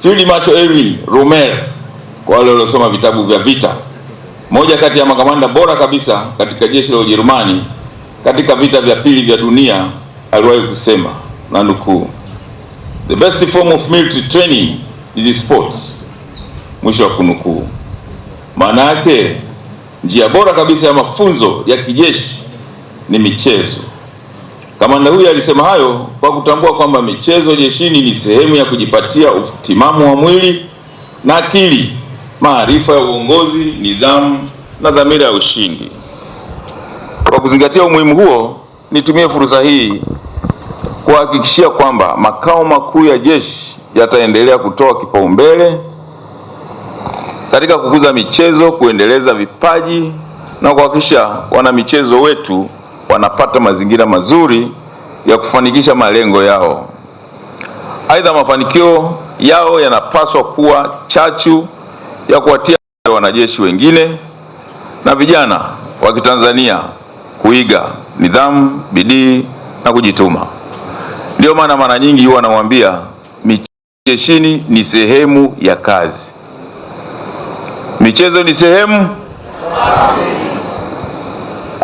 Field macho Evi Rommel, kwa wale waliosoma vitabu vya vita, moja kati ya makamanda bora kabisa katika jeshi la Ujerumani katika vita vya pili vya dunia, aliwahi kusema na nukuu, the best form of military training is sports, mwisho wa kunukuu. Maana yake njia bora kabisa ya mafunzo ya kijeshi ni michezo. Kamanda huyu alisema hayo kwa kutambua kwamba michezo jeshini ni sehemu ya kujipatia utimamu wa mwili na akili, maarifa ya uongozi, nidhamu na dhamira ya ushindi. Kwa kuzingatia umuhimu huo, nitumie fursa hii kuhakikishia kwamba makao makuu ya jeshi yataendelea kutoa kipaumbele katika kukuza michezo, kuendeleza vipaji na kuhakikisha wanamichezo wetu wanapata mazingira mazuri ya kufanikisha malengo yao. Aidha, mafanikio yao yanapaswa kuwa chachu ya kuwatia wanajeshi wengine na vijana wa Kitanzania kuiga nidhamu, bidii na kujituma. Ndiyo maana mara nyingi huwa anamwambia jeshini ni sehemu ya kazi, michezo ni sehemu.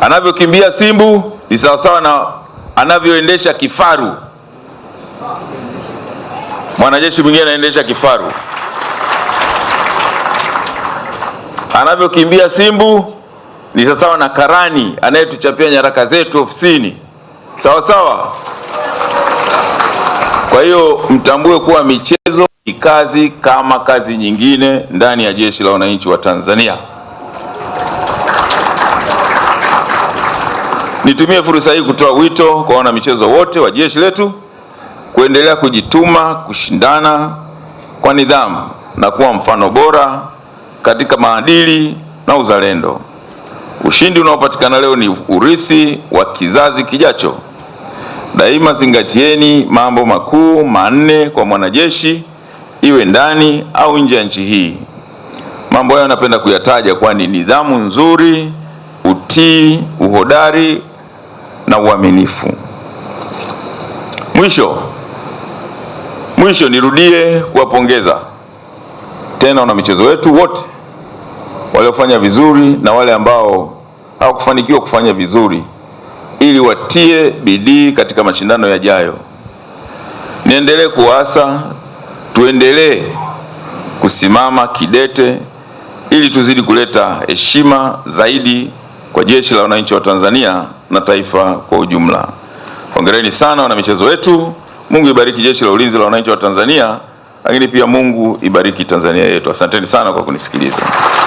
Anavyokimbia Simbu ni sawasawa na anavyoendesha kifaru. Mwanajeshi mwingine anaendesha kifaru, anavyokimbia simbu ni sawasawa na karani anayetuchapia nyaraka zetu ofisini, sawa sawa. Kwa hiyo mtambue kuwa michezo ni kazi kama kazi nyingine ndani ya Jeshi la Wananchi wa Tanzania. Nitumie fursa hii kutoa wito kwa michezo wote wa jeshi letu kuendelea kujituma, kushindana kwa nidhamu na kuwa mfano bora katika maadili na uzalendo. Ushindi unaopatikana leo ni urithi wa kizazi kijacho. Daima zingatieni mambo makuu manne kwa mwanajeshi, iwe ndani au nje ya nchi hii. Mambo hayo napenda kuyataja, kwani nidhamu nzuri, utii, uhodari na uaminifu. Mwisho mwisho, nirudie kuwapongeza tena wanamichezo wetu wote waliofanya vizuri na wale ambao hawakufanikiwa kufanya vizuri, ili watie bidii katika mashindano yajayo. Niendelee kuwaasa tuendelee kusimama kidete ili tuzidi kuleta heshima zaidi kwa jeshi la wananchi wa Tanzania na taifa kwa ujumla. Hongereni sana wana michezo wetu. Mungu ibariki jeshi la ulinzi la wananchi wa Tanzania, lakini pia Mungu ibariki Tanzania yetu. Asanteni sana kwa kunisikiliza.